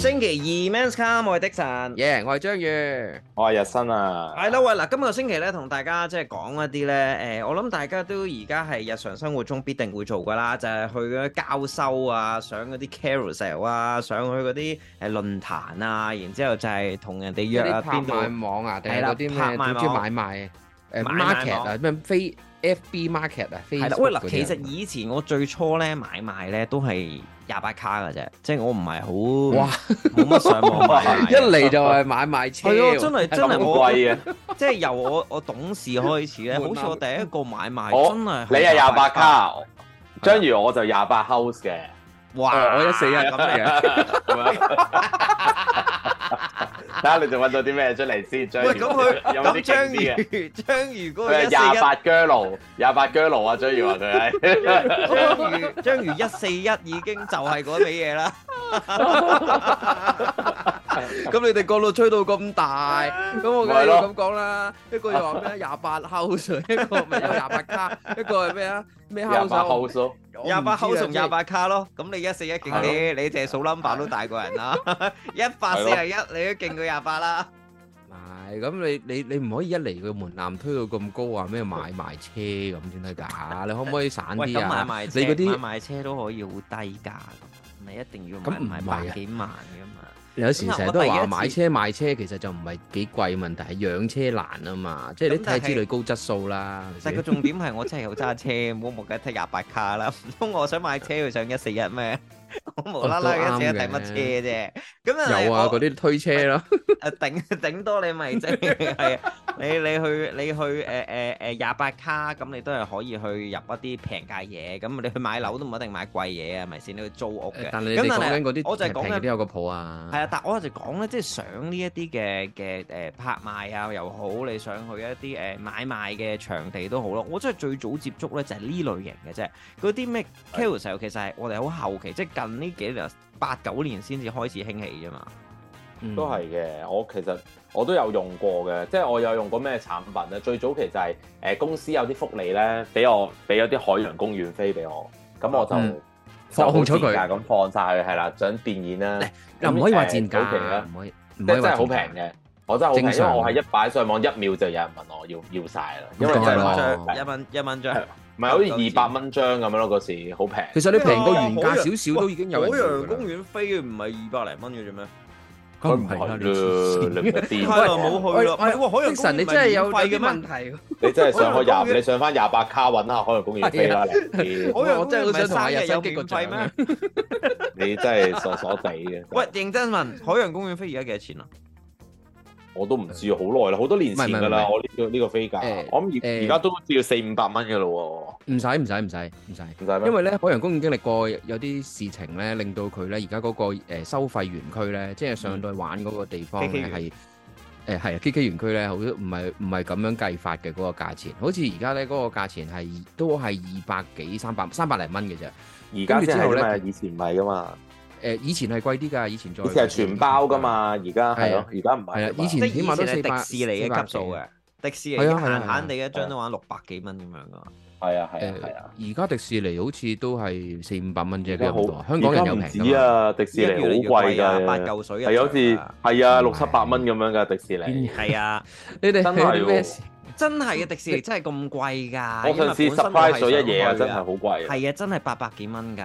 星期二，Men's Come，我係 Dickson，yeah，我係章魚，我係日新啊。係咯，嗱，今個星期咧，同大家即係講一啲咧，誒，我諗大家都而家係日常生活中必定會做噶啦，就係去嗰啲交收啊，上嗰啲 carousel 啊，上去嗰啲誒論壇啊，然之後就係同人哋約邊度買網啊，定係嗰啲咩小豬買賣，誒 market 啊，咩飛 FB market 啊，係啦。喂，嗱，其實以前我最初咧買賣咧都係。廿八卡嘅啫，即係我唔係好，哇，冇乜上網，一嚟就係買賣車，係啊， 真係好貴啊！即係由我我懂事開始咧， 好似我第一個買賣，哦、真係你係廿八卡，章魚我就廿八 house 嘅。 哇！我一四一咁嚟啊，咁啊，睇下你仲揾到啲咩出嚟先，章魚，有冇啲精啲啊？章魚，章 魚哥一四一，廿八 gal 廿八 gal 啊，章魚話佢係章魚，章魚一四一已經就係嗰啲嘢啦。 咁你哋個度吹到咁大，咁我梗係咁講啦。一個又話咩廿八後數，一個咪廿八卡，一個係咩啊？廿八後數，廿八後數廿八卡咯。咁你一四一勁啲，你淨數 number 都大過人啦。一八四廿一，你都勁過廿八啦。係咁，你你你唔可以一嚟個門檻推到咁高啊？咩買賣車咁先得噶？你可唔可以散啲啊？買買，你嗰啲買車都可以好低價，唔係一定要買買百幾萬噶嘛。有時成日都話買車買車，其實就唔係幾貴問題，係養車難啊嘛。即係你睇下之類高質素啦。但係是個 重點係我真係好揸車，唔好望緊睇廿八卡啦。唔 通我想買車要上一四一咩？ 我無啦啦嘅只頂乜車啫？咁啊，例如嗰啲推車啦，誒，頂頂多你咪即係，你你去你去誒誒誒廿八卡，咁你都係可以去入一啲平價嘢。咁你去買樓都唔一定買貴嘢啊，咪先你去租屋嘅。但你哋做緊嗰啲，我就平嘅都有個鋪啊。係啊，但我就講咧，即係上呢一啲嘅嘅誒拍賣啊又好，你上去一啲誒買賣嘅場地都好咯。我真係最早接觸咧就係呢類型嘅啫，嗰啲咩 Carousell，其實係我哋好後期即係。近呢幾年八九年先至開始興起啫嘛，都係嘅。我其實我都有用過嘅，即係我有用過咩產品咧？最早期就係誒公司有啲福利咧，俾我俾咗啲海洋公園飛俾我，咁我就放空出去，咁放晒佢係啦，上電影啦。又唔可以話賤價啦，唔可以，真係好平嘅。我真係好平，因為我係一擺上網一秒就有人問我要要晒啦，因為一蚊一蚊一蚊張。唔係好似二百蚊張咁樣咯，嗰時好平。其實你平過原價少少、哎、都已經有人。海洋公園飛唔係二百零蚊嘅啫咩？佢唔去啦，連個電梯都冇去咯。哇！海洋神，你真係有費嘅問題。你真係上開廿，你上返廿八卡揾下海洋公園飛啦。海洋公園唔係生日有免費咩？你真係傻傻哋嘅。喂，認真問海洋公園飛而家幾多錢啊？我都唔知好耐啦，好多年前噶啦，我呢個呢、呢個飛價，呃、我諗而家都只要四五百蚊嘅咯喎。唔使唔使唔使唔使唔使，因為咧海洋公園經歷過有啲事情咧，令到佢咧而家嗰個、呃、收費園區咧，即係上到去玩嗰個地方係誒係啊，K K 園區咧，好唔係唔係咁樣計法嘅嗰、嗰個價錢，好似而家咧嗰個價錢係都係二百幾三百三百零蚊嘅啫。而家之唔係，嗯、以前唔係噶嘛。誒以前係貴啲㗎，以前再以前係全包㗎嘛，而家係咯，而家唔係啊。以前起碼都四百，迪士尼嘅級數嘅迪士尼，閒閒哋一張都話六百幾蚊咁樣㗎。係啊係啊係啊！而家迪士尼好似都係四五百蚊啫，比香港人有平㗎。而家唔止啊，迪士尼好貴㗎，八舊水啊，係好似係啊，六七百蚊咁樣㗎，迪士尼係啊，你哋真係真係啊！迪士尼真係咁貴㗎，我上次 surprise 咗一嘢啊，真係好貴。係啊，真係八百幾蚊㗎。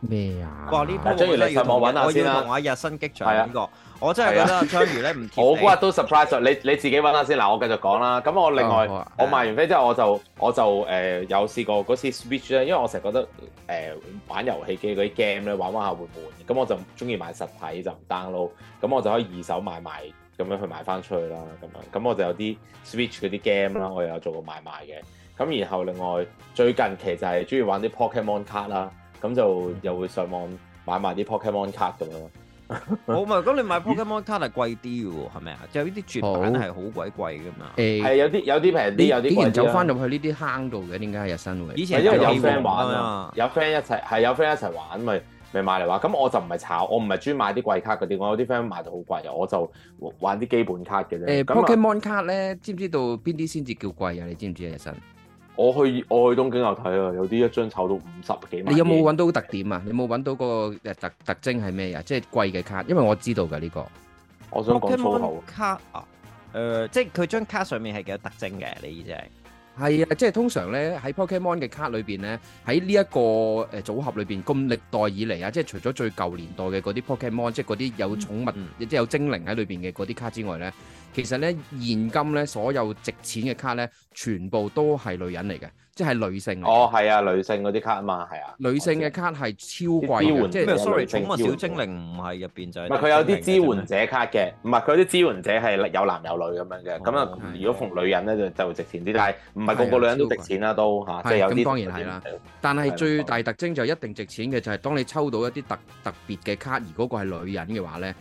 咩啊？我呢邊中意你上網揾下先啦。我已經同我喺日新劇場揾過。我真係覺得章魚咧唔貼地。我嗰日都 surprise 咗你，你自己揾下先。嗱，我繼續講啦。咁我另外我賣完飛之後，我就我就誒有試過嗰次 Switch 咧，因為我成日覺得誒玩遊戲機嗰啲 game 咧玩玩下會悶，咁我就中意買實體就唔 download，咁我就可以二手買賣。咁樣去買翻出去啦，咁樣咁我就有啲 switch 嗰啲 game 啦，我又有做過買賣嘅。咁然後另外最近其實就係中意玩啲 Pokemon 卡啦，咁就又會上網買埋啲 Pokemon 卡咁咯好。冇咪？咁你買 Pokemon 卡係貴啲嘅喎，係咪啊？就呢啲絕品係好鬼貴嘅嘛。誒係有啲有啲平啲，有啲貴啲。走翻入去呢啲坑度嘅，點解日新會？以前因為有 friend 玩啊嘛、啊，有 friend 一齊係有 friend 一齊玩咪。就是咪買嚟話，咁我就唔係炒，我唔係專買啲貴卡嗰啲，我有啲 friend 買到好貴啊，我就玩啲基本卡嘅啫。誒、欸、就 Pokemon 卡咧，知唔知道邊啲先至叫貴啊？你知唔知啊？日新，我去我去東京又睇啊，有啲一張炒到五十幾萬。你有冇揾到特點啊？你有冇揾到個特特徵係咩啊？即係貴嘅卡，因為我知道㗎呢、呢個。我想講粗口。卡啊，誒、呃，即係佢張卡上面係幾多特徵嘅？你意思係。係啊，即係通常咧喺 Pokemon 嘅卡裏面呢，喺呢一個誒組合裏邊，咁歷代以嚟啊，即係除咗最舊年代嘅嗰啲 Pokemon、嗯、即係嗰啲有寵物亦即係有精靈喺裏面嘅嗰啲卡之外呢，其實呢，現今呢，所有值錢嘅卡呢，全部都係女人嚟嘅。即係女性哦，係啊，女性嗰啲卡吖嘛，係啊，女性嘅卡係超貴，即係 sorry，寵物小精靈唔係入邊就係。唔係佢有啲支援者卡嘅，唔係佢有啲支援者係有男有女咁樣嘅，咁啊，如果逢女人咧就就會值錢啲，但係唔係個個女人都值錢啦，都嚇，即係有啲當然係啦。但係最大特徵就一定值錢嘅就係當你抽到一啲特特別嘅卡，而嗰個係女人嘅話咧，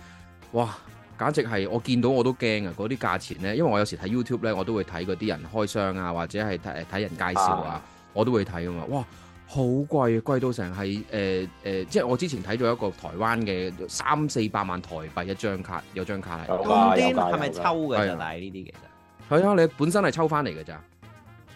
哇！簡直係我見到我都驚啊！嗰啲價錢咧，因為我有時睇 YouTube 咧，我都會睇嗰啲人開箱啊，或者係睇睇人介紹啊，啊我都會睇㗎嘛。哇，好貴啊，貴到成係誒誒，即係我之前睇咗一個台灣嘅，三四百萬台幣一張卡，有張卡嚟咁啲，係咪、嗯嗯、抽嘅就係呢啲其實係啊，你本身係抽翻嚟嘅咋？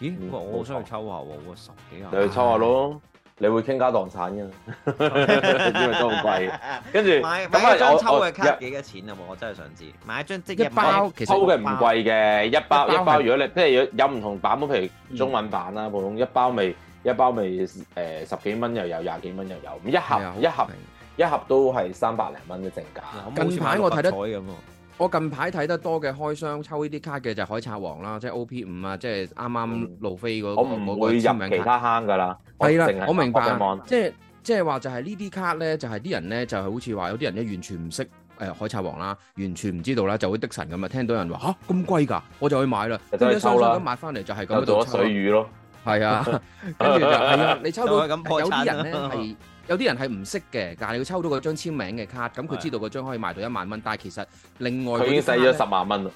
嗯、咦，我好想去抽下喎，我十幾啊，你、嗯、去抽下咯。你會傾家蕩產嘅 著，因為都好貴。跟住買買一張抽嘅卡幾多錢啊？我真係想知，買一張即係、就是、一包抽嘅唔貴嘅，一包一包，一包如果你即係有唔同版本，譬如中文版啦，普通一包咪、就是、一包咪、就、誒、是呃、十幾蚊又有廿幾蚊又有，一盒一盒一盒都係三百零蚊嘅正價。近排我睇得咁喎。我近排睇得多嘅開箱抽呢啲卡嘅就海賊王啦，即係 OP 五啊、那個，即係啱啱路飛嗰個簽名卡。我唔會入其他坑噶啦。係啦，我明白即。即係即係話就係呢啲卡咧，就係、是、啲人咧就係、是、好似話有啲人咧完全唔識誒海賊王啦，完全唔知道啦，就會的神咁啊！聽到人話吓，咁、ah, 貴㗎，我就去買啦。咁一箱箱咁買翻嚟就係咁喺度抽。抽咗水魚咯。係 啊，跟住係啊， 你抽到 有啲人咧係。有啲人係唔識嘅，但係你要抽到嗰張簽名嘅卡，咁佢知道嗰張可以賣到一萬蚊。但係其實另外已經使咗十萬蚊啦，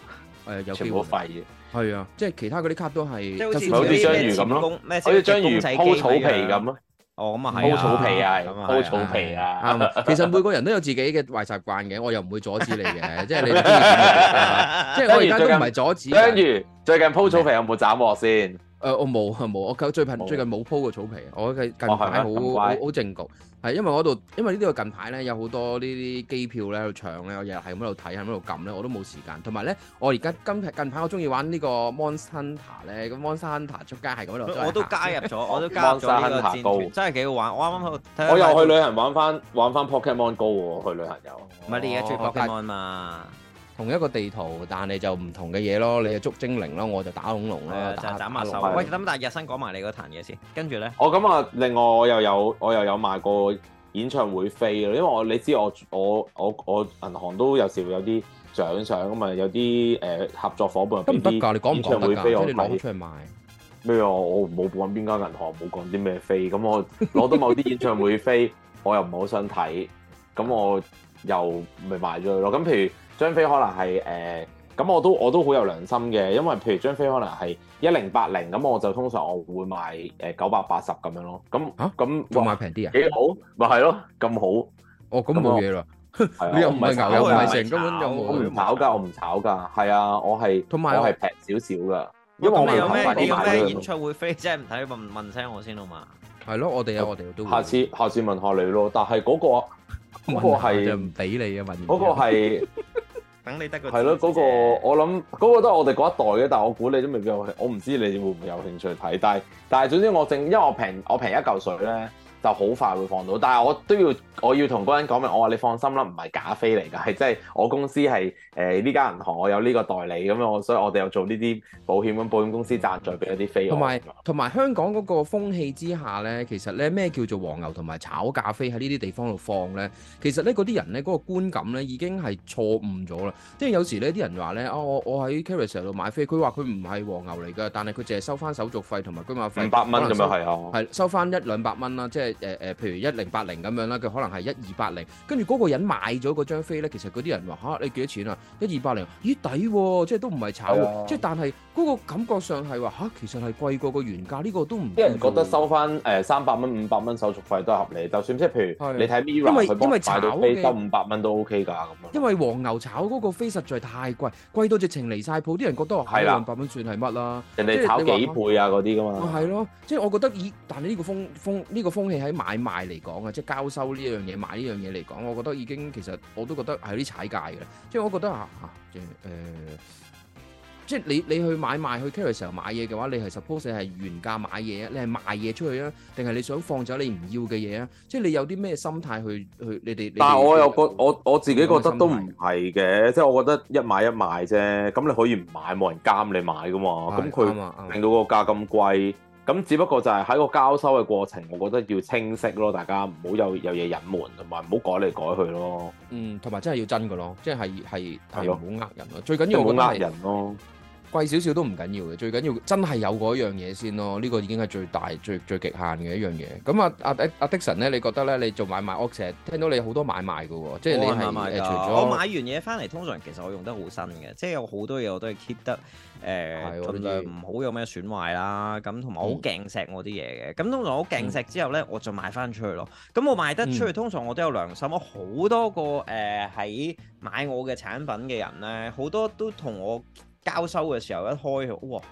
誒有全部廢，係啊，即係其他嗰啲卡都係，好似章魚咁咯，好似章魚仔鋪草皮咁咯。哦，咁啊係鋪草皮啊，鋪草皮啊。其實每個人都有自己嘅壞習慣嘅，我又唔會阻止你嘅，即係你，即係我而家都唔係阻止。章魚最近鋪草皮有冇斬獲先？誒、呃、我冇啊，冇，我最近有最近冇鋪過草皮，我近排好好正局，係、哦、因為我度，因為呢度近排咧有好多呢啲機票咧喺度搶咧，我日日咁喺度睇，喺度撳咧，我都冇時間。同埋咧，我而家今期近排我中意玩個 mon 呢個 Monster 咧，咁 Monster 出街係嗰度。我都加入咗， 我都加咗呢個戰隊，Hunter 真係幾好玩。我啱啱去睇。我又去旅行玩翻、嗯、玩翻 p o k e m o n 高喎，去旅行又。唔係呢個最 p o k e m o n 啊、哦。同一個地圖，但係你就唔同嘅嘢咯。你係捉精靈啦，我就打恐龍啦，斬下手。喂，咁但係日新講埋你嗰壇嘢先，跟住咧。我咁啊，另外我又有我又有賣過演唱會飛咯，因為我你知我我我我銀行都有時會有啲獎賞咁嘛，有啲誒合作夥伴畀啲演唱會飛我賣。咩啊？我冇講邊間銀行，冇講啲咩飛。咁我攞到某啲演唱會飛，我又唔好想睇，咁我又咪賣咗佢咯。咁譬如。張飛可能係誒咁，我都我都好有良心嘅，因為譬如張飛可能係一零八零咁，我就通常我會賣誒九百八十咁樣咯。咁嚇咁賣平啲啊？幾好咪係咯？咁好哦，咁冇嘢啦。你又唔係牛又唔係成金又冇，我唔炒㗎，我唔炒㗎。係啊，我係同埋我係平少少㗎。因為我有咩咩演唱會飛，即係唔睇問問聲我先啊嘛。係咯，我哋有我哋都。下次下次問下你咯，但係嗰個嗰個係唔俾你嘅運。嗰個係。等你得係咯，嗰個我諗嗰個都係我哋嗰一代嘅。但我估你都未有，我唔知你會唔會有興趣睇，但係但係總之我正，因為我平我平一嚿水咧。就好快會放到，但係我都要我要同嗰人講明，我話你放心啦，唔係假飛嚟㗎，係真係我公司係誒呢間銀行，我有呢個代理咁樣。我所以我哋又做呢啲保險咁，保險公司贊助俾一啲飛同埋同埋香港嗰個風氣之下呢，其實呢咩叫做黃牛同埋炒價飛喺呢啲地方度放呢？其實呢嗰啲人呢，嗰、嗰個觀感呢已經係錯誤咗啦。即係有時呢啲人話呢：哦「啊，我我喺 Carousell 度買飛，佢話佢唔係黃牛嚟㗎，但係佢淨係收翻手續費同埋居亞費五百蚊咁樣係啊，係收翻一兩百蚊啦，即係。就是誒誒、呃，譬如一零八零咁樣啦，佢可能係一二八零，跟住嗰個人買咗嗰張飛咧，其實嗰啲人話吓、啊，你幾多錢啊？一二八零，咦，抵喎、啊，即係都唔係炒，的即係但係嗰個感覺上係話吓，其實係貴過個原價呢、這個都唔，啲人覺得收翻誒三百蚊五百蚊手續費都合理，就算即係譬如你睇 Mirror，因為因為炒收五百蚊都 OK 噶咁因為黃牛炒嗰個飛實在太貴，貴到直情離晒譜，啲人覺得啊，係啦的，百蚊算係乜啦？人哋炒幾倍啊嗰啲噶嘛，係咯，即、就、係、是、我覺得以，但係呢個風風呢、這個風氣。喺買賣嚟講啊，即係交收呢樣嘢，買呢樣嘢嚟講，我覺得已經其實我都覺得係有啲踩界嘅啦。即係我覺得啊，誒、呃，即係你你去買賣去 carry 時候買嘢嘅話，你係 suppose 係原價買嘢啊，你係賣嘢出去啊，定係你想放走你唔要嘅嘢啊？即係你有啲咩心態去去？你哋但係我又覺我我自己覺得都唔係嘅，即係我覺得一買一賣啫。咁你可以唔買，冇人監你買噶嘛。咁佢令到個價咁貴。咁只不過就係喺個交收嘅過程，我覺得要清晰咯，大家唔好有有嘢隱瞞同埋唔好改嚟改去咯。嗯，同埋真係要真㗎咯，即係係係唔好呃人咯，的最緊要唔好呃人咯。.貴少少都唔緊要嘅，最緊要真係有嗰樣嘢先咯。呢、這個已經係最大、最最極限嘅一樣嘢。咁啊，阿阿的神咧，你覺得咧？你做買賣，我成日聽到你好多買賣嘅喎，即係你係誒。我買完嘢翻嚟，通常其實我用得好新嘅，即係有好多嘢我都係 keep 得誒，咁樣唔好有咩損壞啦。咁同埋好鏡石我啲嘢嘅，咁通常好鏡石之後咧，嗯、我就賣翻出去咯。咁我賣得出去，嗯、通常我都有良心。我好多個誒喺、呃、買我嘅產品嘅人咧，好多都同我。交收嘅時候一開，哇！誒、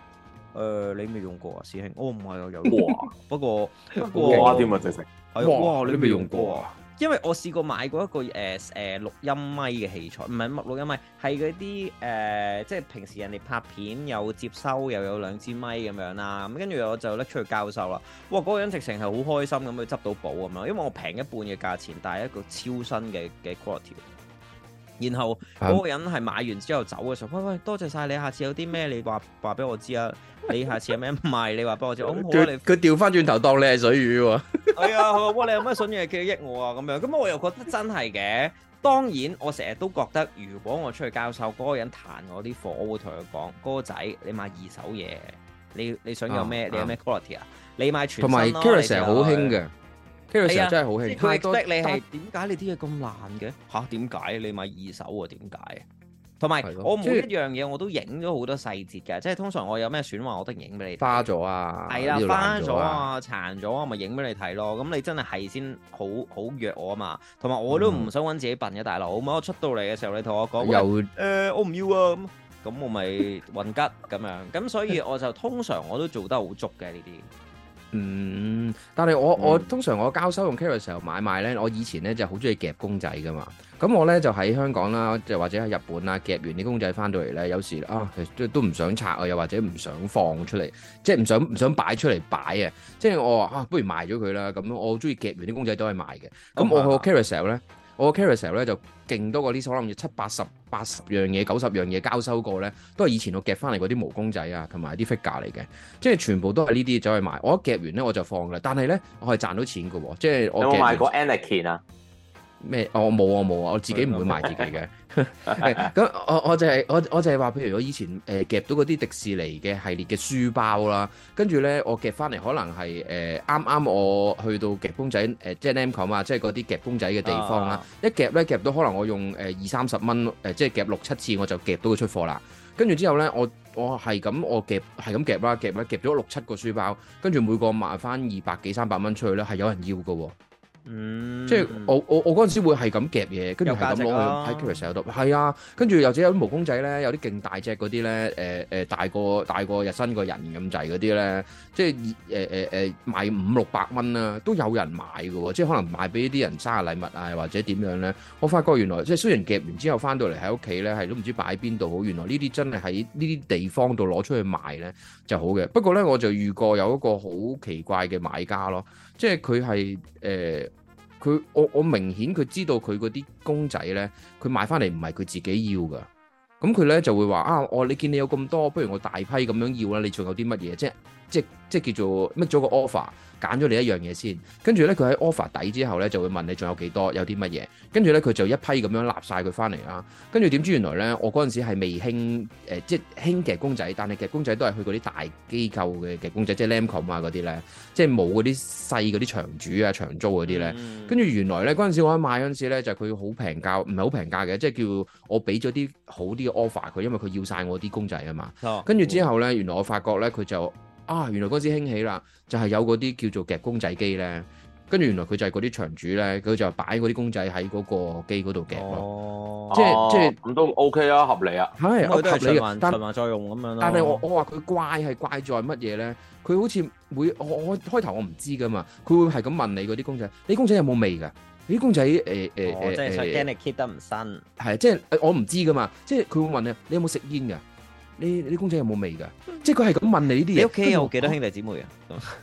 呃，你未用過啊，師兄？我唔係我有用 過， 不過不過哇！點啊直情？哇！你都未用過啊？因為我試過買過一個誒誒、呃呃、錄音咪嘅器材，唔係乜錄音咪，係嗰啲誒，即係平時人哋拍片又接收又有兩支咪咁樣啦。咁跟住我就拎出去交收啦。哇！嗰、那個人直情係好開心咁去執到寶咁樣，因為我平一半嘅價錢，但係一個超新嘅嘅 quality。然後嗰個人係買完之後走嘅時候，喂喂，多謝晒你，下次有啲咩你話話俾我知啊，你下次有咩賣你話俾我知，好，佢佢掉翻轉頭當你係水魚喎，係啊，哇，你有咩筍嘢記得益我啊，咁樣，咁我又覺得真係嘅，當然我成日都覺得，如果我出去交收嗰個人彈我啲貨，我會同佢講，哥仔，你買二手嘢，你你想有咩，你有咩 quality 啊，你買全新咯，成日好興嘅。係啊！即係 expect 你，係點解你啲嘢咁爛嘅？吓點解？你買二手啊？點解？同埋我每一樣嘢我都影咗好多細節嘅。即係通常我有咩損壞，我都影俾你。花咗啊！係啦，花咗啊，殘咗啊，咪影俾你睇咯。咁你真係係先好好約我啊嘛。同埋我都唔想揾自己笨嘅大佬。我出到嚟嘅時候，你同我講，誒，我唔要啊。咁咁我咪混吉咁樣。咁所以我就通常我都做得好足嘅呢啲。嗯，但係我、嗯、我通常我交收用 Carousel 買賣咧，我以前咧就好中意夾公仔噶嘛。咁我咧就喺香港啦，就或者喺日本啦，夾完啲公仔翻到嚟咧，有時啊都唔想拆啊，又或者唔想放出嚟，即係唔想唔想擺出嚟擺啊。即係我話啊，不如賣咗佢啦。咁我中意夾完啲公仔都係賣嘅。咁、嗯、我去 Carousel 咧。我嘅 Carousel 咧就勁多個呢，我諗住七八十、八十樣嘢、九十樣嘢交收過咧，都係以前我夾翻嚟嗰啲毛公仔啊，同埋啲 figure 嚟嘅，即係全部都係呢啲走去賣。我一夾完咧我就放㗎，但係咧我係賺到錢嘅喎，即係我夾有。有冇賣過 Anakin 啊？咩、哦？我冇啊，冇啊，我自己唔會賣自己嘅。咁 我我就係、是、我我就係話，譬如我以前誒、呃、夾到嗰啲迪士尼嘅系列嘅書包啦，跟住咧我夾翻嚟，可能係誒啱啱我去到夾公仔誒、呃，即係 M 購啊，即係嗰啲夾公仔嘅地方啦。 一夾咧夾到可能我用誒二三十蚊，誒即係夾六七次我就夾到佢出貨啦。跟住之後咧，我我係咁我夾係咁夾啦，夾啦，夾咗六七個書包，跟住每個賣翻二百幾三百蚊出去咧，係有人要嘅喎。嗯，即係我我我嗰陣時會係咁夾嘢，跟住係咁攞喺 Kris 度，係啊，啊，跟住又或者有啲毛公仔咧，有啲勁大隻嗰啲咧，誒、呃、誒、呃、大個大個日新個人咁滯嗰啲咧，即係誒誒誒賣五六百蚊啊，都有人買嘅，即係可能賣俾啲人生日禮物啊，或者點樣咧？我發覺原來即係雖然夾完之後翻到嚟喺屋企咧，係都唔知擺喺邊度好，原來呢啲真係喺呢啲地方度攞出去賣咧就好嘅。不過咧，我就遇過有一個好奇怪嘅買家咯。即係佢係誒，佢、呃、我我明顯佢知道佢嗰啲公仔咧，佢買翻嚟唔係佢自己要噶，咁佢咧就會話啊，我、哦、你見你有咁多，不如我大批咁樣要啦，你仲有啲乜嘢啫？即係即即叫做 make 咗個 offer，揀咗你一樣嘢先。跟住呢，佢喺 offer 底之後呢，就會問你仲有幾多，有啲乜嘢。跟住呢，佢就一批咁樣立晒佢返嚟啦。跟住點知原來呢，我嗰陣時係未興誒、呃，即興夾公仔，但係夾公仔都係去嗰啲大機構嘅夾公仔，即 Lamcom 啊嗰啲呢，即冇嗰啲細嗰啲場主啊場租嗰啲呢。跟住原來呢，嗰陣時我喺買嗰陣時呢，就佢好平價，唔係好平價嘅，即叫我俾咗啲好啲嘅 offer 佢，因為佢要晒我啲公仔啊嘛。跟住之後呢，原來我發覺呢，佢就啊，原來嗰時興起啦，就係有嗰啲叫做夾公仔機咧，跟住原來佢就係嗰啲場主咧，佢就擺嗰啲公仔喺嗰個機嗰度夾咯，即係即係咁都 OK 啊，合理啊，係都合理嘅循環再用咁樣啊。但係我我話佢怪係怪在乜嘢咧？佢好似會我我開頭我唔知噶嘛，佢會係咁問你嗰啲公仔，你公仔有冇味㗎？你公仔誒誒誒，即係想驚你 keep 得唔新，係即係我唔知噶嘛，即係佢會問你你有冇食煙㗎？你你啲公仔有冇味噶？即係佢係咁問你呢啲嘢。你屋企有幾多兄弟姊妹啊？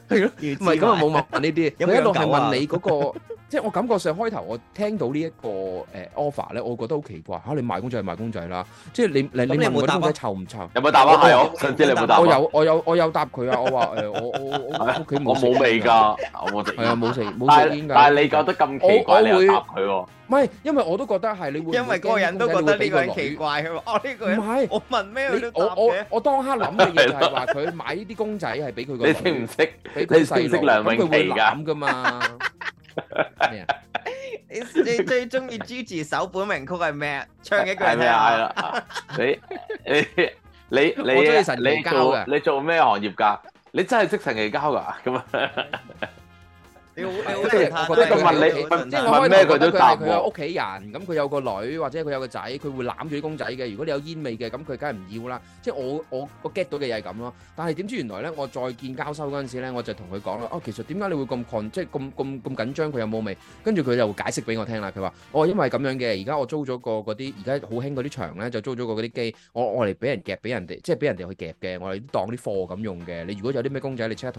係咯，唔係咁又冇問呢啲。佢一路係問你嗰個，即係我感覺上開頭我聽到呢一個誒 offer 咧，我覺得好奇怪吓。你賣公仔係賣公仔啦，即係你你你問我公仔臭唔臭？有冇答啊？唔知你有冇答？我有我有我有答佢啊！我話誒我我我屋企冇。我冇味㗎，我冇食。係啊，冇食冇食煙㗎。但係但係你覺得咁奇怪你答佢喎？唔係，因為我都覺得係你會，因為個人都覺得呢個人奇怪係嘛？哦，呢個人唔係，我問咩佢都答嘅。我我我當刻諗嘅嘢係話佢買呢啲公仔係俾佢個。你識唔識？你識梁詠琪㗎？咩啊？你你最中意佢首本名曲係咩？唱一句咩啊？係啦，你你你你你好中意神絞嘅，你做你做咩行業㗎？你真係識神絞㗎？咁啊！你好，你好叻。即係問你，即係問咩佢都答。佢係佢係屋企人，咁佢有個女或者佢有個仔，佢會攬住啲公仔嘅。如果你有煙味嘅，咁佢梗係唔要啦。即係我我我 get 到嘅嘢係咁咯。但係點知原來咧，我再見交收嗰陣時咧，我就同佢講啦。哦，其實點解你會咁狂，即係咁咁咁緊張？佢有冇味？跟住佢就解釋俾我聽啦。佢話：哦，因為咁樣嘅，而家我租咗個嗰啲，而家好興嗰啲場咧，就租咗個嗰啲機。我我嚟俾人夾，俾人哋即係俾人哋去夾嘅。我哋當啲貨咁用嘅。你如果有啲咩公仔，你即刻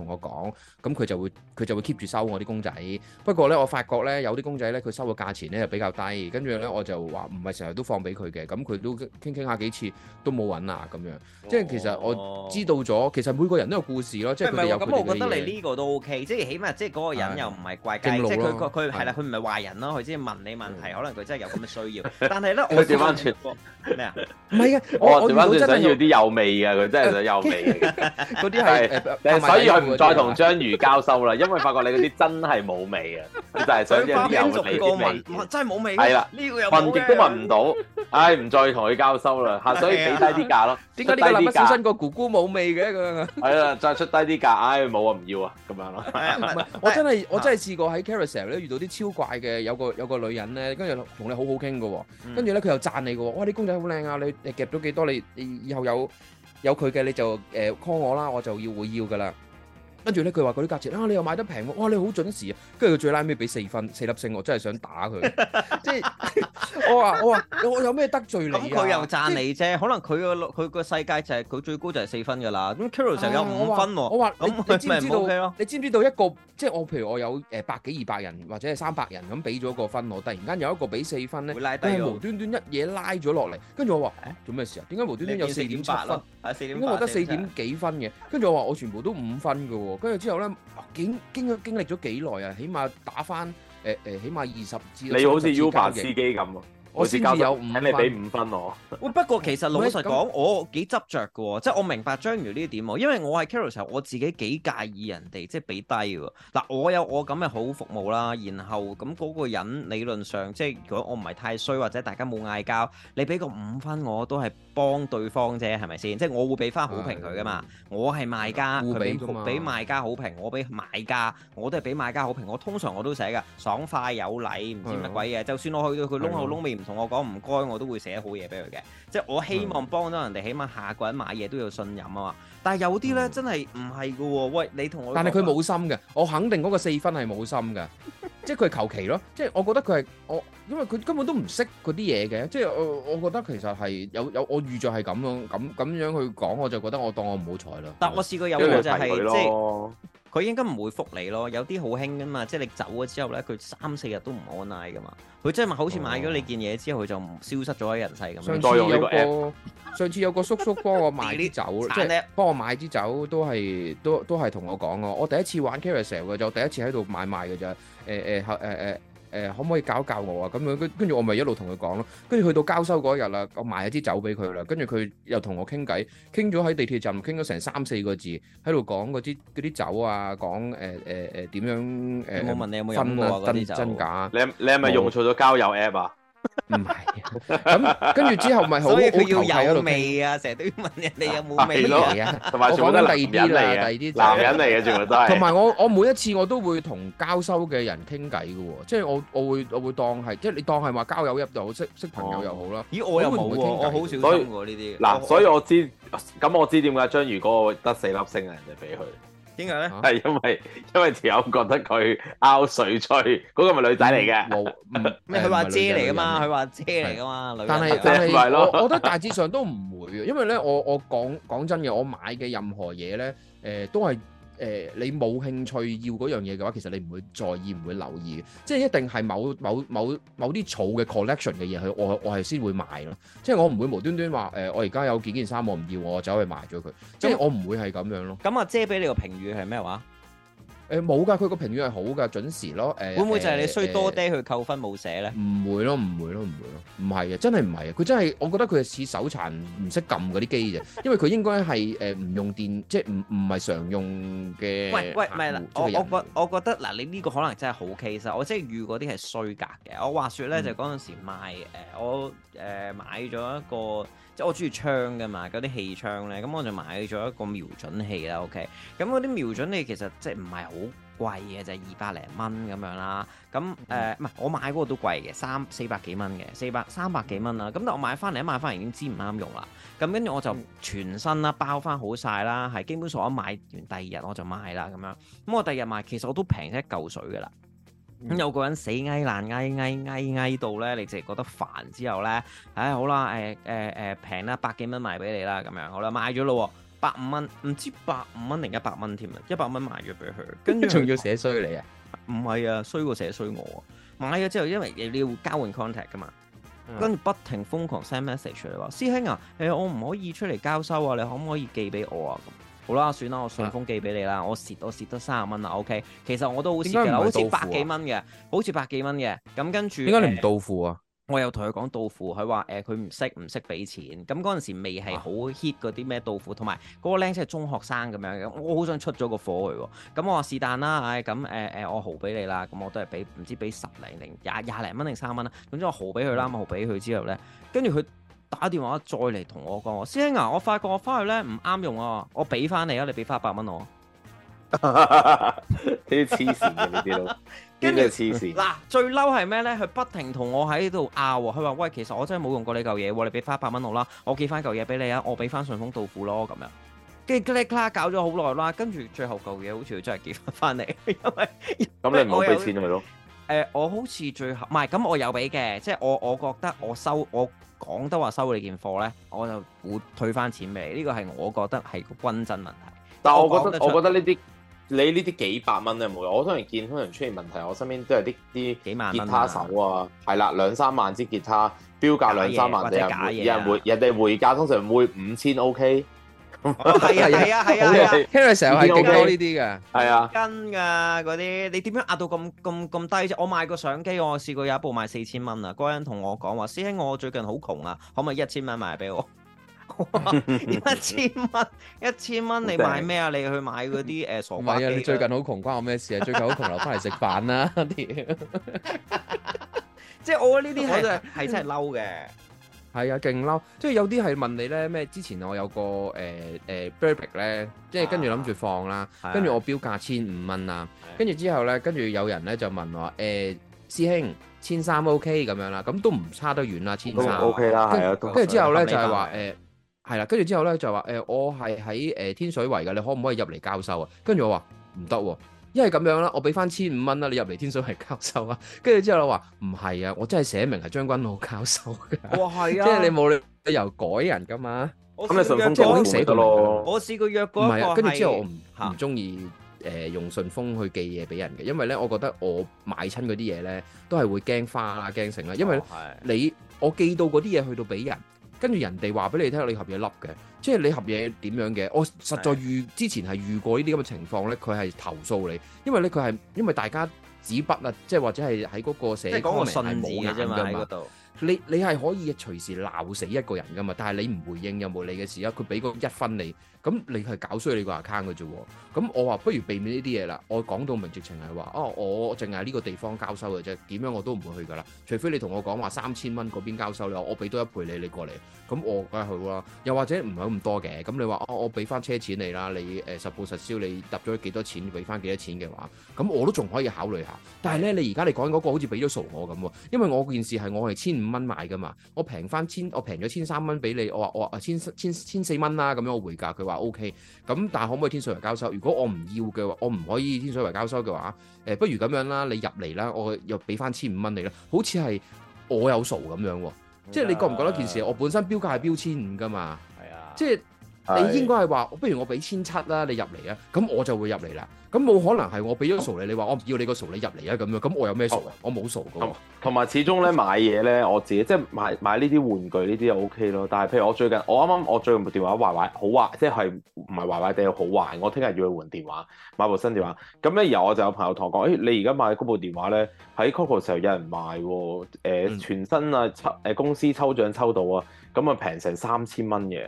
公仔，不過咧我發覺咧有啲公仔咧佢收嘅價錢咧又比較低，跟住咧我就話唔係成日都放俾佢嘅，咁佢都傾傾下幾次都冇搵啊咁樣，即係其實我知道咗，其實每個人都有故事咯，即係佢有。咁我覺得你呢個都 OK，即係起碼即係嗰個人又唔係怪雞，佢佢係啦，佢唔係壞人咯，佢只係問你問題，可能佢真係有咁嘅需要，但係咧我調翻轉咩啊？唔係啊，我我真係想要啲有味啊，佢真係想有味嘅，嗰啲係，所以佢唔再同章魚交收啦，因為發覺你嗰啲真。真係冇味啊！就係想啲人有味啲味，真係冇味。係啦，呢個又冇嘅，聞極都聞唔到。唉、 哎，唔再同佢交收啦。吓， 所以俾低啲價咯。點解你個冇？小心個姑姑冇味嘅咁啊！係啊，再出低啲價。唉、哎，冇啊，唔要啊，咁樣咯。唔 我真係我真係試過喺 Carousell 咧遇到啲超怪嘅，有個有個女人咧，跟住同你好好傾嘅喎，跟住咧佢又讚你嘅喎。哇，啲公仔好靚啊！你你夾咗幾多？你以後有有佢嘅你就誒 call 我啦，我就要會要嘅啦。跟住咧，佢話嗰啲價錢啊，你又買得平喎，哇，你好準時啊！跟住佢最拉尾俾四分，四粒星，我真係想打佢，即係我話我話我有咩得罪你，佢又贊你啫，可能佢個佢個世界就係佢最高就係四分噶啦。咁 Carol 就有五分喎，咁知唔知道？你知唔知道一個即係我譬如我有誒百幾二百人或者係三百人咁俾咗個分，我突然間有一個俾四分咧，無端端一嘢拉咗落嚟，跟住我話做咩事啊？點解無端端有四點八分？點解我得四點幾分嘅？跟住我話我全部都五分嘅喎。跟住之後咧，經經過經歷咗幾耐啊？起碼打返誒誒，起碼二十支，你好似 Uber 司機咁啊！我先至有五，請你俾五分我喎。不過其實老實講，我幾執著㗎喎，即係我明白章魚呢點喎。因為我係 Carol 時，我自己幾介意人哋即係俾低喎。嗱，我有我咁嘅好服務啦。然後咁嗰個人理論上，即係如果我唔係太衰或者大家冇嗌交，你俾個五分我都係幫對方啫，係咪先？即係我會俾返好評佢㗎嘛。我係賣家，互俾俾賣家好評，我俾賣家我都係俾賣家好評。我通常我都寫㗎爽快有禮，唔知乜鬼嘢。就算我去到佢窿口窿面。同我講唔該，我都會寫好嘢俾佢嘅，即係我希望幫到人哋，起碼下個人買嘢都有信任啊嘛。但係有啲咧，嗯、真係唔係嘅喎。喂，你同我講，但係佢冇心嘅。我肯定嗰個四分係冇心嘅， 即係佢求其咯。即係我覺得佢係我，因為佢根本都唔識嗰啲嘢嘅。即係我，我覺得其實係有有我預著係咁樣咁咁樣，樣去講，我就覺得我當我唔好彩啦。但我試過有個就係、是、即係佢應該唔會覆你咯。有啲好興嘅嘛，即係你走咗之後咧，佢三四日都唔 online 嘅嘛。佢真係好似買咗你件嘢之後，佢就消失咗喺人世咁。哦、上次有個上次有個叔叔幫我買啲酒咧，即係 幫我。買支酒都係都都係同我講啊。我第一次玩 Carousell 嘅，就第一次喺度買賣嘅啫。誒、呃、誒，誒誒誒，可唔可以教教我啊？咁樣跟跟住我咪一路同佢講咯。跟住去到交收嗰日啦，我賣咗支酒俾佢啦。跟住佢又同我傾偈，傾咗喺地鐵站，傾咗成三四個字，喺度講嗰啲啲酒啊，講誒誒誒點樣誒分啊，我問你有冇真真假。你你係咪用錯咗交友 app 啊？唔係，咁 跟住之後咪好，所以佢要有味啊！成日都要問人哋有冇味咯，同埋講得第二啲嚟，第二啲男人嚟嘅全部都係。同埋我我每一次我都會同交收嘅人傾偈嘅，即係我我會我會當係，即係你當係話交友入又好，識識朋友又好啦、哦。咦，我又冇喎，我好小心喎呢啲。嗱，所以我知，咁我知點解章魚哥得四粒星嘅人就俾佢。點解咧？係、啊、因為因為條友覺得佢拗水吹，嗰、那個係咪女仔嚟嘅？冇咩佢話姐嚟噶嘛？佢話姐嚟噶嘛？女仔，但係但係我覺得大致上都唔會嘅，因為咧，我我講講真嘅，我買嘅任何嘢咧，誒、呃、都係。誒、呃，你冇興趣要嗰樣嘢嘅話，其實你唔會在意，唔會留意嘅，即係一定係某某某某啲草嘅 collection 嘅嘢，佢我我係先會買咯。即係我唔會無端端話誒，我而家有幾件衫我唔要，我走去買咗佢，即係我唔會係咁樣咯。咁啊，姐俾你個評語係咩話？誒冇㗎，佢個評語係好㗎，準時咯。誒、呃、會唔會就係你衰多啲、呃、去扣分冇寫咧？唔會咯，唔會咯，唔會咯，唔係啊，真係唔係啊，佢真係我覺得佢係似手殘唔識撳嗰啲機啫，因為佢應該係誒唔用電，即係唔唔係常用嘅。喂喂，唔係啦，戶我我覺我覺得嗱、呃，你呢個可能真係好 case，我即係遇過嗰啲係衰格嘅。我話説咧，嗯、就嗰陣時賣、呃、我誒、呃、買咗一個。即係我中意槍嘅嘛，嗰啲氣槍咧，咁我就買咗一個瞄準器啦。OK，咁嗰啲瞄準器其實即係唔係好貴嘅就係，二百零蚊咁樣啦。咁誒，唔係、嗯呃、我買嗰個都貴嘅，三四百幾蚊嘅，四百，四百三百幾蚊啦。咁但我買翻嚟，一買翻嚟已經知唔啱用啦。咁跟住我就全身啦，包翻好晒啦，係基本上我買完第二日我就賣啦咁樣。咁我第二日賣，其實我都平一嚿水嘅啦。咁、嗯、有個人死捱爛捱捱捱捱到咧，你淨係覺得煩之後咧，唉、哎、好啦，誒誒誒平啦，百幾蚊賣俾你啦，咁樣好啦，買咗咯，百五蚊，唔知百五蚊定一百蚊添啊，一百蚊賣咗俾佢，跟住仲要寫衰你啊？唔係啊，衰過寫衰我啊，買咗之後因為你要交換 contact 㗎嘛，跟住、嗯、不停瘋狂 send message 嚟話師兄啊，誒、欸、我唔可以出嚟交收啊，你可唔可以寄俾我啊？好啦，算啦，我順豐寄俾你啦，我蝕我蝕得三十蚊啦，OK。其實我都、啊、好蝕嘅，好似百幾蚊嘅，好似百幾蚊嘅。咁跟住，點解你唔到付啊？呃、我有同佢講到付，佢話，誒佢唔識唔識俾錢。咁嗰陣時未係好 hit 嗰啲咩到付，同埋嗰個僆仔係中學生咁樣嘅，我好想出咗個貨去喎。咁我話是但啦，唉、哎，咁誒誒我豪俾你啦，咁我都係俾唔知俾十零零廿廿零蚊定三蚊啦。總之我豪俾佢啦，嗯、豪俾佢之後咧，跟住佢。打電話再嚟同我講，師兄啊，我發覺我翻去咧唔啱用啊，我俾翻你啊，你俾翻一百蚊我。啲黐線你知道？都 后，真係黐線。嗱，最嬲係咩咧？佢不停同我喺度拗，佢話：喂，其實我真係冇用過你嚿嘢，你俾翻一百蚊我啦，我寄翻嚿嘢俾你啊，我俾翻順豐到付咯咁樣。跟住嗰啲啦，搞咗好耐啦，跟住最後嚿嘢好似真係寄翻翻嚟，因為咁 為你唔好俾錢咪咯。 誒、呃，我好似最後唔係咁，我有俾嘅，即係我我覺得我收我講得話收你件貨咧，我就會退翻錢俾你。呢個係我覺得係個均真問題。但係我覺得，我，得我覺得呢啲你呢啲幾百蚊都冇用。我通常見通常出現問題，我身邊都係啲啲幾萬吉他手啊，係啦、啊，兩三萬支吉他標價兩三萬，假假人回人回人哋回價通常會五千 OK。係啊係啊係啊係啊，carry 成日係勁多呢啲嘅，係啊，跟噶嗰啲，你點樣壓到咁咁咁低啫？我買個相機，我試過有一部賣四千蚊啊！嗰人同我講話：，師兄我最近好窮啊，可唔可以一千蚊賣俾我？一千蚊，一千蚊你買咩啊？你去買嗰啲誒，傻瓜機啊！你最近好窮關我咩事啊？最近好窮留翻嚟食飯啊。屌，即係我呢啲係係真係嬲嘅。係啊，勁嬲！即係有啲係問你咧咩？之前我有個誒誒 bearbrick 咧，即係跟住諗住放啦，跟住我標價千五蚊啦，跟住是的 之後咧，跟住有人咧就問我誒、呃、師兄千三 OK 咁樣啦。咁都唔差得遠啦，千三 OK 啦，跟住之後咧就係話誒係啦，跟住之後咧就話、是、誒、呃、我係喺誒天水圍㗎，你可唔可以入嚟交收啊？跟住我話唔得喎。因為咁樣啦，我俾翻千五蚊啦，你入嚟天水圍交收啊，跟住之後我話唔係啊，我真係寫明係將軍澳交收嘅，哇係、哦、啊，即係你冇理由改人噶嘛，咁你順豐已經寫咗咯，我試過約過，唔係啊，跟住之後我唔唔中意誒用順豐去寄嘢俾人嘅，因為咧我覺得我買親嗰啲嘢咧都係會驚花啊驚成啦，因為你我寄到嗰啲嘢去到俾人。跟住人哋話俾你聽，你盒嘢笠嘅？即係你盒嘢點樣嘅？我實在遇的之前係遇過呢啲咁嘅情況咧，佢係投訴你，因為咧佢係因為大家紙筆啊，即係或者係喺嗰個寫，即係講個信紙啫嘛度，你你係可以隨時鬧死一個人噶嘛，但係你唔回應有冇你嘅事呀，佢俾個一分你。咁你係搞衰你個 account 嘅啫喎，咁我話不如避免呢啲嘢啦，我講到明直情係話，啊、哦、我淨係呢個地方交收嘅啫，點樣我都唔會去噶啦，除非你同我講話三千蚊嗰邊交收咧，我俾多一倍你，你過嚟，咁我梗係去啦，又或者唔係咁多嘅，咁、嗯、你話、哦、我俾翻車錢你啦，你誒實報實銷你揼咗幾多錢，俾翻幾多錢嘅話，咁我都仲可以考慮下，但係咧你而家你講嗰個好似俾咗傻我咁喎，因為我件事係我係千五蚊買噶嘛，我平翻千我平咗千三蚊俾你，我話我話千千四蚊啦，咁樣我回價，佢話。O K，咁但係可唔可以天水圍交收？如果我唔要嘅話，我唔可以天水圍交收嘅話，誒，不如咁樣啦，你入嚟啦，我又俾翻千五蚊你啦，好似係我有數咁樣，Yeah. 即係你覺唔覺得件事？我本身標價係標千五噶嘛，係啊，即係。你應該係話，不如我俾千七啦，你入嚟啊，咁我就會入嚟啦。咁冇可能係我俾咗數你，你話我唔要你個數你入嚟啊咁樣，咁我有咩數啊？Oh, 我冇數㗎。同同埋始終咧買嘢咧，我自己即係買買呢啲玩具呢啲又 OK 咯。但係譬如我最近，我啱啱我最近部電話壞壞好壞，即係唔係壞壞定係好壞，我聽日要去換電話，買部新電話。咁咧由我就有朋友同我講，誒、哎、你而家買嗰部電話咧喺 Coco 時候有人賣喎，呃嗯、全新啊抽誒公司抽獎抽到啊，咁啊平成三千蚊嘅。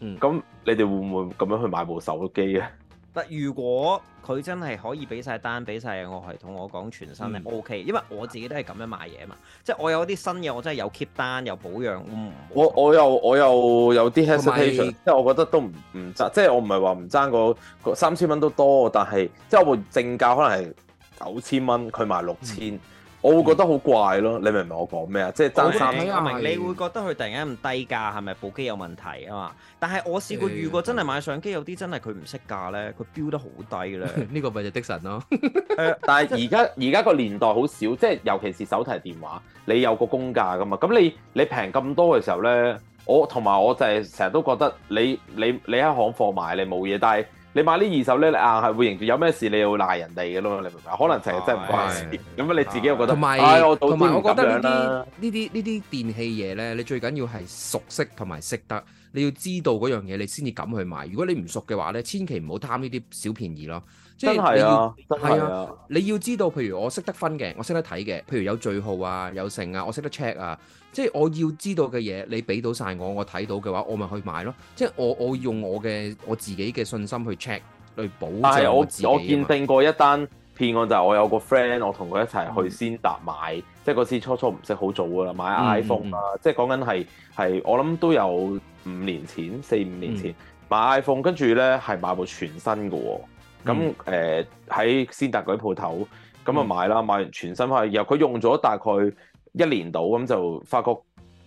嗯，咁你哋會唔會咁樣去買部手機嘅？但如果佢真係可以俾晒單，俾晒我，係同我講全新係 OK，嗯、因為我自己都係咁樣買嘢嘛。即係我有啲新嘢，我真係有 keep 單，有保養。嗯，我我又我又有啲 hesitation，即係我覺得都唔唔爭，即係我唔係話唔爭個三千蚊都多，但係即係我會正價可能係九千蚊，佢賣六千。嗯我會覺得好怪咯，你明唔明我講咩啊？即係爭三蚊。嗯嗯、我明，是你會覺得佢突然間咁低價，係咪部機有問題啊嘛？但係我試過遇過，真係買相機、嗯、有啲真係佢唔識價呢，佢標得好低咧。呢 個咪就係的神咯。 但係而家而家個年代好少，即係尤其是手提電話，你有個公價噶嘛？咁你你平咁多嘅時候呢，我同埋我就係成日都覺得你你你喺行貨買你冇嘢，但係。你買呢二手咧，你硬係會認住。有咩事你會賴人哋嘅咯，你明唔明？可能成日真係唔關事。咁啊、哎，你自己又覺得，同埋我覺得呢啲呢啲呢啲電器嘢咧，你最緊要係熟悉同埋識得。你要知道嗰樣嘢，你先至敢去買。如果你唔熟嘅話咧，千祈唔好貪呢啲小便宜咯。真係啊，係啊，啊你要知道，譬如我識得分嘅，我識得睇嘅，譬如有序號啊，有成啊，我識得 check 啊，即係我要知道嘅嘢，你俾到晒我，我睇到嘅話，我咪去買咯。即係我我用我嘅我自己嘅信心去 check，去保障我自己。但我我見證過一單騙案就係我有個 friend，我同佢一齊去、嗯、先達買，即係嗰時初初唔識好早噶啦，買 iPhone 啊，嗯、即係講緊係係我諗都有五年前四五年前、嗯、買 iPhone，跟住咧係買部全新嘅。咁誒喺先達嗰啲鋪頭，咁啊買啦，嗯、買完全新返去，然後佢用咗大概一年度，咁就發覺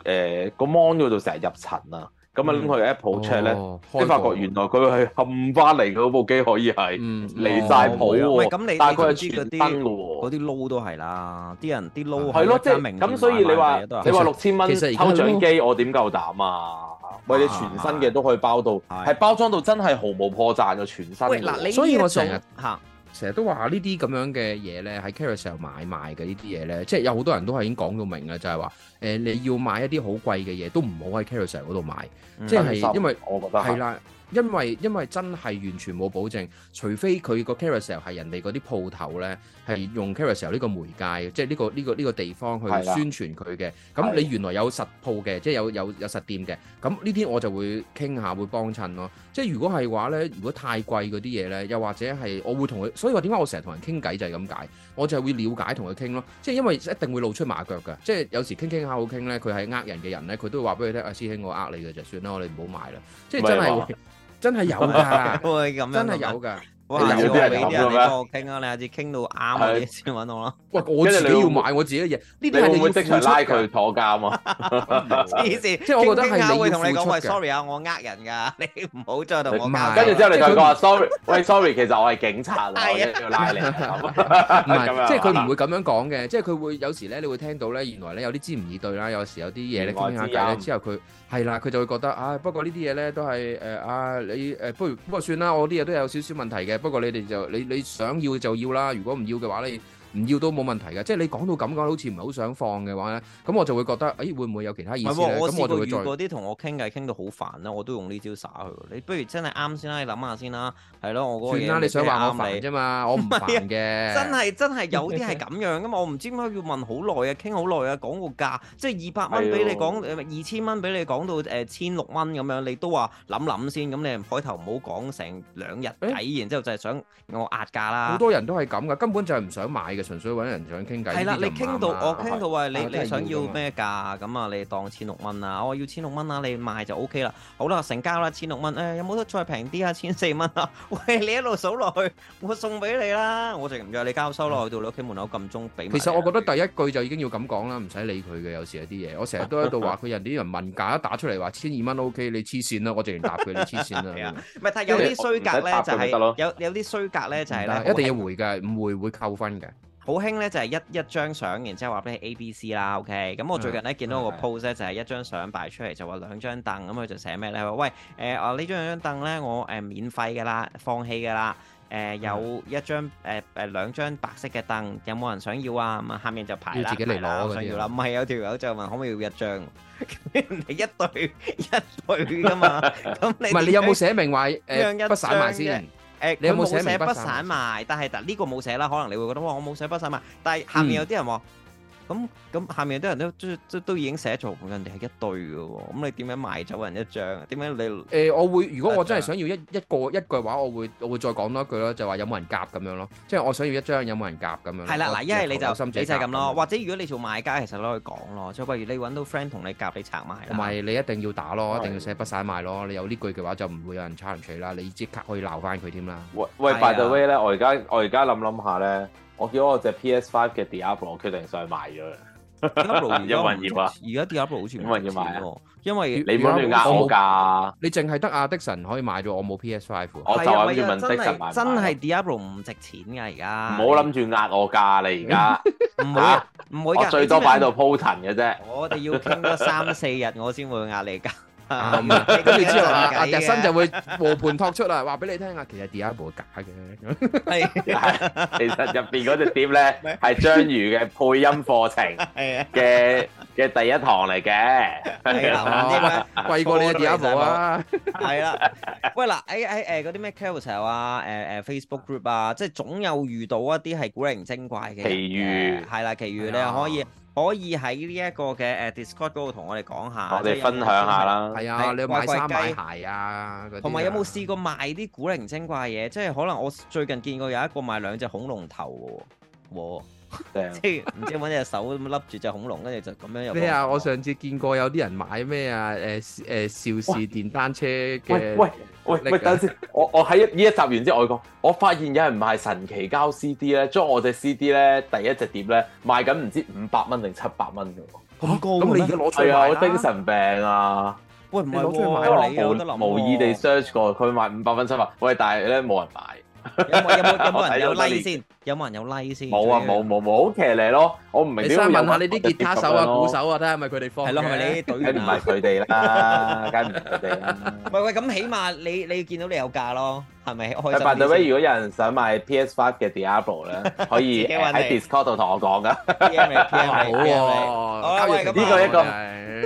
誒個 mon 度成日入塵啊。咁啊拎去 Apple check 咧，即係發覺原來佢係冚翻嚟，嗰部機可以係離晒譜喎，大概係全新嘅喎。嗰啲撈都係啦，啲人啲撈係唔明咁所以你話，你話六千蚊，其實抽獎機我點夠膽啊？喂，你全新嘅都可以包到，係包裝到真係毫無破綻嘅全新。所以我想吓。成日都話呢啲咁樣嘅嘢咧，喺 Carousell 買賣嘅呢啲嘢咧，即係有好多人都係已經講到明啦，就係話誒，你要買一啲好貴嘅嘢都唔好喺 Carousell 嗰度買，嗯、即係因為，思因為我覺得係啦了。嗯因為因為真係完全冇保證，除非佢個 carousel 係人哋嗰啲鋪頭咧，係用 carousel 呢個媒介，即係呢個呢個呢個地方去宣傳佢嘅。咁的你原來有實鋪嘅，即係有有有實店嘅。咁呢啲我就會傾下，會幫襯咯。即係如果係話咧，如果太貴嗰啲嘢咧，又或者係我會同佢，所以話點解我成日同人傾偈就係咁解，我就係會了解同佢傾咯。即係因為一定會露出馬腳㗎。即係有時傾傾下好傾咧，佢係呃人嘅人咧，佢都會話俾佢聽。阿師兄，我呃你嘅就算啦，我哋唔好買啦。即係真係。真係有噶，咁真係有噶。我話有啲係諗嘅咩？傾啊，你下次傾到啱嘅嘢先揾我咯。喂，我自己要買我自己嘅嘢。你唔會即場拉佢坐監啊？黐線！即係我覺得係你會同你講喂，sorry 啊，我呃人噶，你唔好再同我交。跟住之後你再講啊，sorry。喂，sorry，其實我係警察嚟嘅，要拉你走。唔係，即係佢唔會咁樣講嘅，即係佢會有時咧，你會聽到咧，原來咧有啲知唔易對啦。有時有啲嘢咧，傾傾下偈咧，之後佢。係啦，佢就會覺得啊，不過呢啲嘢咧都係、呃、啊你、呃、不如不過算啦，我啲嘢都有少少問題嘅，不過你哋就你你想要就要啦，如果唔要嘅話呢，唔要都冇問題嘅，即係你講到咁講，好似唔係好想放嘅話咧，咁我就會覺得，哎，會唔會有其他意思咧？咁、啊、我會再嗰啲同我傾偈傾到好煩啦，我都用呢招耍佢。你不如真係啱先啦，你諗下先啦，係咯，我嗰個嘢真係啱你。算啦，你想話我煩啫嘛，我唔煩嘅。真係真係有啲係咁樣噶嘛，我唔知點解要問好耐啊，傾好耐啊，講個價，即係二百蚊俾你講，二千蚊俾你講到誒千六蚊咁樣，你都話諗諗先，咁你開頭唔好講成兩日底，欸、然之後就係想我壓價啦。好多人都係咁噶，根本就係唔想買純粹揾人想傾偈。係啦，你傾到我傾到話你你想要咩價咁啊？你當千六蚊啊！我要千六蚊啊！你賣就 OK 啦。好啦，成交啦，千六蚊。誒，有冇得再平啲啊？千四蚊啊！喂，你一路數落去，我送俾你啦！我就唔約你交收落去到你屋企門口撳鐘俾。其實我覺得第一句就已經要咁講啦，唔使理佢嘅。有時有啲嘢，我成日都喺度話佢人啲人問價，一打出嚟話千二蚊 OK，你黐線啦！我直接答佢你黐線啦。係啊，唔係但係有啲衰格咧就係有有啲衰格咧就係咧一定要回嘅，唔回會扣分嘅。好興咧就係一一張相，然之後話俾你 A、B、C 啦，OK。咁我最近咧見到我個 post 咧就係一張相擺出嚟，就話兩張凳咁佢就寫咩咧話喂誒哦呢張兩張凳咧我誒免費嘅啦，放棄嘅啦誒有一張誒誒兩張白色嘅凳，有冇人想要啊？咁啊下面就排啦，自己嚟攞，想要啦，唔係有條友就問可唔可以要一張？你一對一對噶嘛？咁你唔係你有冇寫明話誒不散賣先？誒，你有冇寫不散賣？但係嗱呢個冇寫啦，可能你會覺得我冇寫不散賣，但係下面有啲人話。嗯咁咁下面啲人都即即都已經寫咗，人哋係一對嘅喎。咁你點樣賣走人一張？點樣你？誒，我會如果我真係想要一一個一句話，我會我會再講多一句咯，就話有冇人夾咁樣咯。即係我想要一張，有冇人夾咁樣？係啦，嗱，因為你就你就咁咯。或者如果你做賣家，其實攞嚟講咯，就譬如你揾到 friend 同你夾，你拆賣。唔係，你一定要打咯，一定要寫不曬賣咯。你有呢句嘅話，就唔會有人 challenge 你啦。你即刻可以鬧翻佢添啦。喂喂，by the way 咧，我而家我而家諗諗下咧。我叫我隻 PS Five 嘅 Diablo，我決定上去賣咗啦。而家好唔好賣？而家 Diablo 好似冇人要買啊！因為你唔好亂壓我價，你淨係得阿的神可以買咗，我冇 PS Five。我就諗住問的神買。真係 Diablo 唔值錢㗎而家。唔好諗住壓我價你而家。唔會唔會。我最多擺到鋪塵嘅啫。我哋要傾多三四日，我先會壓你價。咁跟住之後啊，阿日新就會和盤托出啦。話俾你聽啊，其實 D I P 係假嘅， 其實入邊嗰隻碟咧係章魚嘅配音課程嘅嘅 的第一堂嚟嘅，啲咩貴過你嘅 D I P 啊？係、哎、啦，喂嗱，誒誒誒嗰啲咩 Carousell 啊，誒誒 Facebook Group 啊，即係總有遇到一啲係古靈精怪嘅餘、哎，其餘係啦，其餘你又可以。可以喺呢一個嘅誒 Discord 嗰度同我哋講下，我哋、哦、分享下啦。係啊，你有冇賣衫賣鞋啊？同埋有冇試過賣啲古靈精怪嘢？嗯、即係可能我最近見過有一個賣兩隻恐龍頭喎、哦。即係唔知搵隻手咁樣笠住隻恐龍，跟住就咁樣又咩啊？我上次見過有啲人買咩啊？誒誒，肇事電單車。喂喂喂，喂等先，我我喺呢一集完之後，我講，我發現有人賣神奇膠 CD 咧，將我隻 CD 咧第一隻碟咧賣緊，唔知五百蚊定七百蚊嘅。咁咁你而家攞出嚟啊，我精神病啊！喂，唔係喎，係我無意地 search 過，佢賣五百蚊七百。喂，但係咧冇人買。有冇有冇有人有 like 先？有冇人有 like 先？冇啊，冇冇冇，好騎呢咯，我唔明。你先問下你啲吉他手啊、鼓手啊，睇下係咪佢哋放？係咯，係咪你隊？梗係唔係佢哋啦？梗唔係佢哋。唔係喂，咁起碼你你見到你有價咯，係咪？開心。問到咩？如果有人想買 PS5 嘅 Diablo 咧，可以喺 Discord 度同我講啊。好啊，喂，咁呢個一個。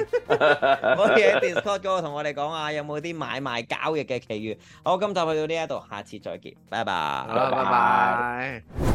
可以喺 Discord 嗰度同我哋講啊，有冇啲買賣交易嘅奇遇？好，今集去到呢一度，下次再見，拜拜。好啦，拜拜。